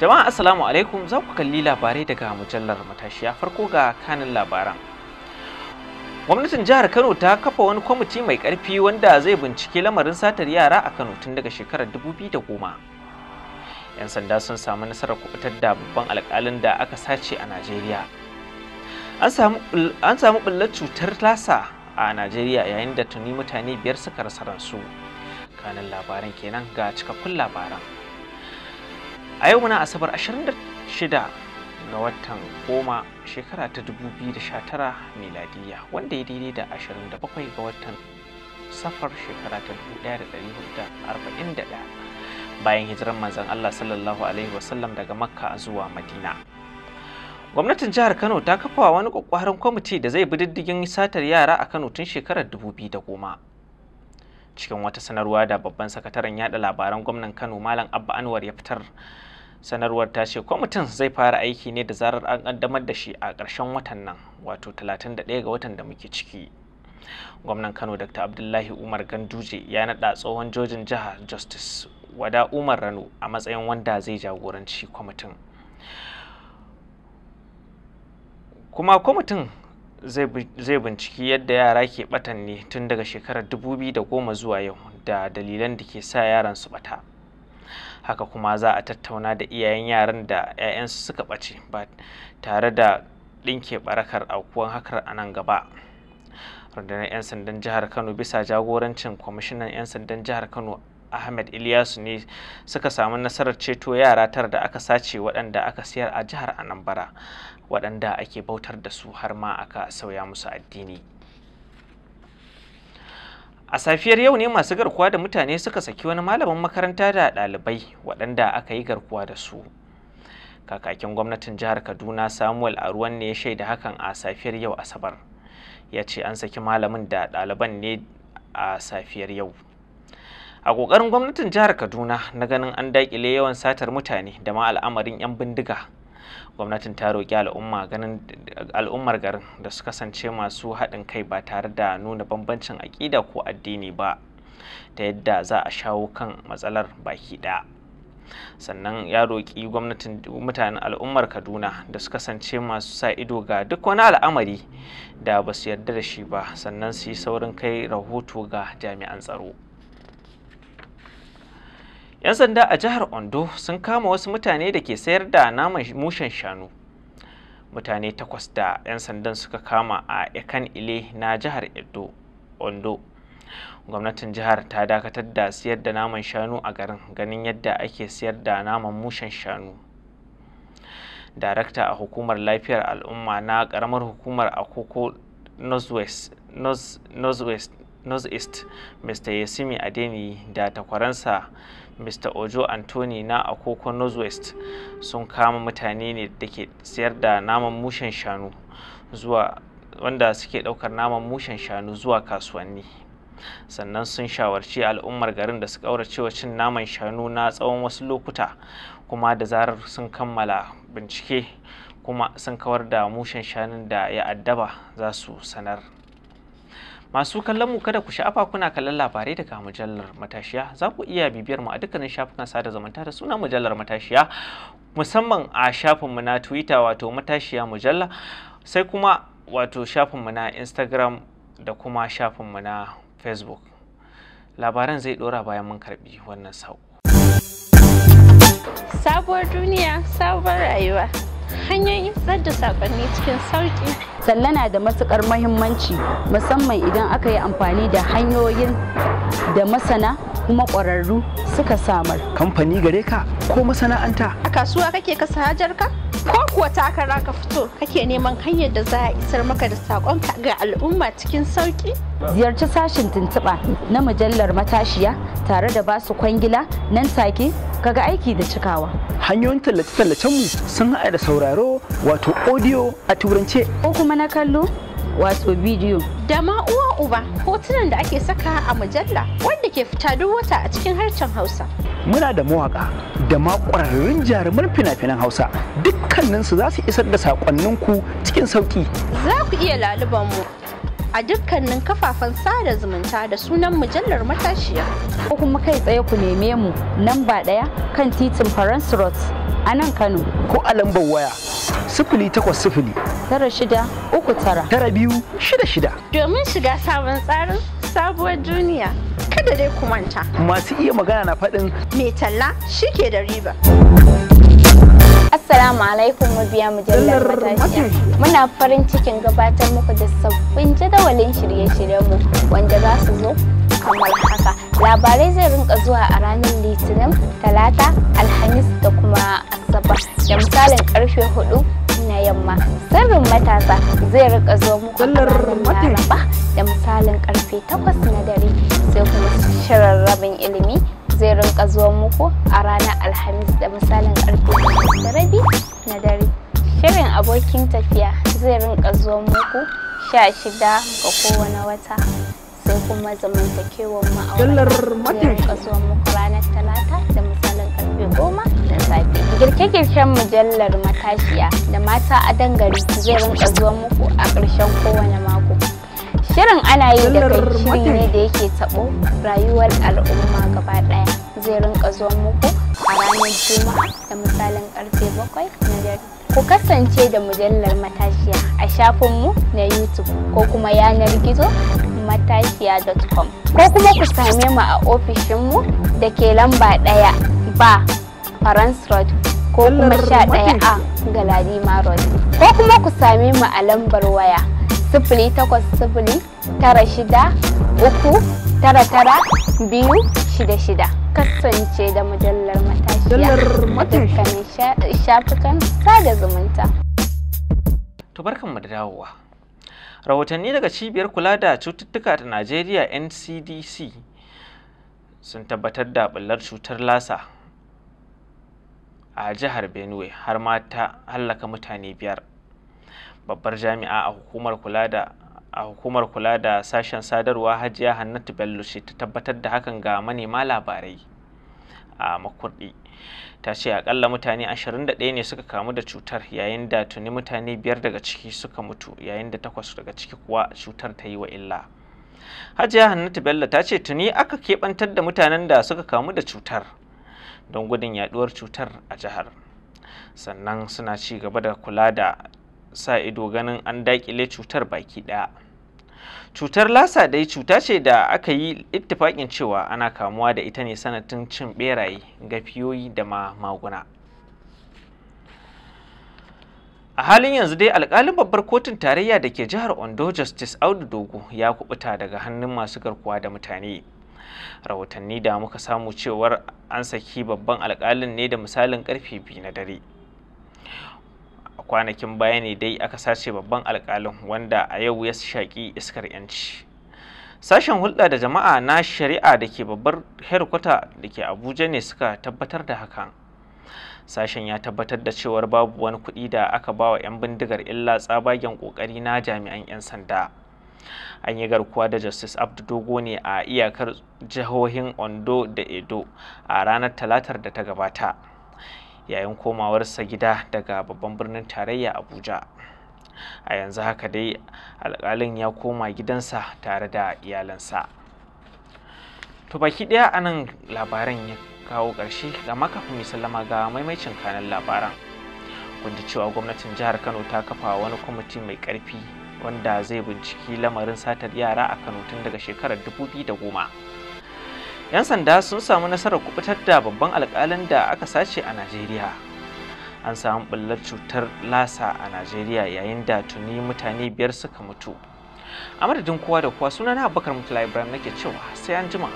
Jama'a Assalamu alaikum za ku kalli labarai daga mujallar matashiya farko ga kanin labaran. Gwamnatin jihar Kano ta kafa wani kwamiti mai karfi wanda zai bincike lamarin satar yara a Kano tun daga shekarar dubu da goma. 'Yan sanda sun samu nasarar kubutar da babban alkalin da aka sace a Najeriya. An samu bullar cutar lasa a Najeriya yayin da tuni mutane biyar suka rasa ransu. Kanin labaran kenan ga cikakkun labaran. a yau muna asabar 26 ga watan goma shekara ta 2019 miladiya wanda ya daidai da 27 ga watan safar shekara ta 1441 bayan hijiran manzan Allah sallallahu alaihi wasallam daga makka zuwa madina gwamnatin jihar kano ta kafa wani kwakwaron kwamiti da zai bi diddigin satar yara a kano tun shekarar 2010 cikin wata sanarwa da babban sakataren yada labaran gwamnan kano malam abba anwar ya fitar sanarwar ta ce kwamitin zai fara aiki ne da zarar an ƙaddamar da shi a ƙarshen watan nan wato 31 ga watan da muke ciki gwamnan kano dr abdullahi umar ganduje ya naɗa tsohon jojin jiha justice wada umar rano a matsayin wanda zai jagoranci kwamitin kuma kwamitin zai binciki yadda yara ke batanni tun daga shekarar 2010 zuwa yau da dalilan da ke sa yaran su bata haka kuma za a tattauna da iyayen yaran da 'ya'yansu suka ɓace ba tare da ɗinke barakar aukuwan hakar a nan gaba rundunar 'yan sandan jihar kano bisa jagorancin kwamishinan 'yan sandan jihar kano ahmed iliyasu ne suka samu nasarar ceto yara tara da aka sace waɗanda aka siyar a jihar anambra waɗanda ake bautar da su har ma aka sauya musu addini A safiyar yau ne masu garkuwa da mutane suka saki wani malamin makaranta da ɗalibai waɗanda aka yi garkuwa da su. Kakakin gwamnatin jihar Kaduna Samuel Aruwan ne ya shaida hakan a safiyar yau Asabar. Ya ce an saki malamin da ɗaliban ne a safiyar yau. A ƙoƙarin gwamnatin jihar Kaduna na ganin an daƙile yawan satar mutane da ma al'amarin 'yan bindiga. gwamnatin ta roƙi al'umma ganin al'ummar garin da su kasance masu haɗin kai ba tare da nuna bambancin aƙida ko addini ba ta yadda za a shawo kan matsalar baki ɗaya sannan ya roƙi gwamnatin mutanen al'ummar kaduna da su kasance masu sa ido ga duk wani al'amari da ba su yarda da shi ba sannan su yi saurin kai rahoto ga jami'an tsaro 'Yan sanda a jihar Ondo sun kama wasu mutane da ke sayar da naman mushen shanu. Mutane takwas da 'yan sandan suka kama a Ekan Ile na jihar Edo, Ondo. Gwamnatin jihar ta dakatar da siyar da naman shanu a garin ganin yadda ake siyar da naman mushen shanu. Darakta a hukumar lafiyar al'umma na karamar hukumar Akoko Northwest, North, east Mr. Yasimi Adeni da takwaransa mr ojo anthony na akoko northwest sun kama mutane ne da ke siyar da naman mushen shanu zuwa wanda suke daukar naman mushen shanu zuwa kasuwanni sannan sun shawarci al'ummar garin da su ƙauracewa cin naman shanu na tsawon wasu lokuta kuma da zarar sun kammala bincike kuma sun kawar da mushen shanun da ya addaba za su sanar Masu kallon mu kada ku sha'afa kuna kallon labarai daga mujallar matashiya za ku iya bibiyar mu a dukkanin shafukan sada zumunta da suna mujallar matashiya musamman a shafinmu na Twitter wato matashiya mujalla sai kuma wato shafinmu na Instagram da kuma shafinmu na Facebook. Labaran zai ɗora bayan mun karɓi wannan sako. Sabuwar duniya, sabuwar rayuwa. hanyoyin isar da sakonni cikin sauki sallana da matukar mahimmanci musamman idan aka yi amfani da hanyoyin da masana kuma ƙwararru suka samar kamfani gare ka ko masana'anta a kasuwa kake kasa hajar ka ko kuwa takara ka fito kake neman hanyar da za a isar maka da saƙonka ga al'umma cikin sauƙi? Ziyarci sashin tuntuɓa na mujallar matashiya tare da basu kwangila nan take kaga aiki da cikawa. Hanyoyin tallace-tallacenmu sun haɗa da sauraro wato audio a turance. Ko kuma na kallo wato bidiyo. Da ma uwa uba hotunan da ake saka a mujalla wanda ke fita duk wata a cikin harshen Hausa. muna da mawaka da ma ƙwararrun jaruman fina-finan hausa dukkaninsu za su isar da saƙonninku cikin sauƙi za ku iya laluban mu a dukkanin kafafen sada zumunta da sunan mujallar matashiya ko kuma kai tsaye ku neme mu ba ɗaya kan titin faransu road a nan kano ko a lambar waya sifili takwas sifili tara shida uku tara tara biyu shida shida domin shiga sabon tsarin sabuwar duniya kada dai ku masu iya magana na faɗin mai talla shi ke da riba Assalamu alaikum mabiya mujallar matashiya. Muna farin cikin gabatar muku da sabbin jadawalin shirye-shiryenmu wanda za su zo kamar haka. Labarai zai rinka zuwa a ranar Litinin, Talata, Alhamis da kuma Asabar da misalin karfe hudu na yamma. Sirrin matasa zai rika zuwa muku a ranar Laraba da misalin karfe takwas na dare. shirin rabin ilimi zai rinka zuwa muku a ranar alhamis da misalin karfe da rabi na dare shirin abokin tafiya zai rinka zuwa muku sha shida ga kowane wata sai kuma zamantakewar ma'aurata zai rinka zuwa muku ranar talata da misalin karfe goma da safe girke-girken mujallar matashiya da mata a dangare zai rinka zuwa muku a ƙarshen kowane mako Shirin ana yi da kai shiri ne da yake taɓo rayuwar al'umma gaba ɗaya zai rinka zuwa muku a ranar Juma'a da misalin ƙarfe bakwai na dare. Ku kasance da mujallar matashiya a shafinmu na YouTube ko kuma yanar gizo matashiya.com ko kuma ku same mu a ofishinmu da ke lamba ɗaya ba Farans Road ko kuma sha ɗaya a Galadima Road ko kuma ku same mu a lambar waya sifili takwas sifili tara shida uku tara tara biyu shida shida kasance da mujallar matashiya a dukkanin shafukan sada zumunta. To mu da dawowa. Rahotanni daga cibiyar kula da cututtuka ta Najeriya NCDC sun tabbatar da bullar cutar lasa a jihar Benue har ma ta hallaka mutane biyar. babbar jami'a a hukumar kula da a hukumar kula da sashen sadarwa hajiya hannatu bello ce ta tabbatar da hakan ga manema labarai a makurdi ta ce akalla mutane 21 ne suka kamu da cutar yayin da tuni mutane biyar daga ciki suka mutu yayin da takwas daga ciki kuwa cutar ta yi wa illa hajiya hannatu bello ta ce tuni aka keɓantar da mutanen da suka kamu da cutar don gudun yaduwar cutar a jihar sannan suna ci gaba da kula da sa ido ganin an dakile cutar baki ɗaya cutar lasa dai cuta ce da aka yi ittifakin cewa ana kamuwa da ita ne sanatin cin ɓeraye gafiyoyi da ma maguna a halin yanzu dai alkalin babbar kotun tarayya da ke jihar ondo justice audu dogo ya kubuta daga hannun masu garkuwa da mutane rahotanni da muka samu cewar an saki babban alkalin ne da misalin karfe biyu na dare kwanakin baya ne dai aka sace babban alkalin wanda a yau ya shaƙi iskar yanci sashen hulɗa da jama'a na shari'a da ke babbar herkwata da ke abuja ne suka tabbatar da hakan sashen ya tabbatar da cewar babu wani kuɗi da aka ba wa 'yan bindigar illa tsabagen ƙoƙari na jami'an 'yan sanda an yi garkuwa da justice abdu dogo ne a iyakar jihohin ondo da edo a ranar talatar da ta gabata yayin komawarsa gida daga babban birnin tarayya abuja a yanzu haka dai alƙalin ya koma gidansa tare da iyalansa to baki ɗaya a nan labaran ya kawo ƙarshe ga makafin sallama ga maimacin kanan labaran kunji cewa gwamnatin jihar kano ta kafa wani kwamiti mai ƙarfi wanda zai binciki lamarin satar yara a kano tun daga shekarar 2010 'yan sanda sun samu nasarar kubutar da babban alkalin da aka sace a najeriya an samu bullar cutar lasa a najeriya yayin da tuni mutane biyar suka mutu a madadin kowa da kowa sunana abubakar mutula ibrahim nake cewa sai an jima.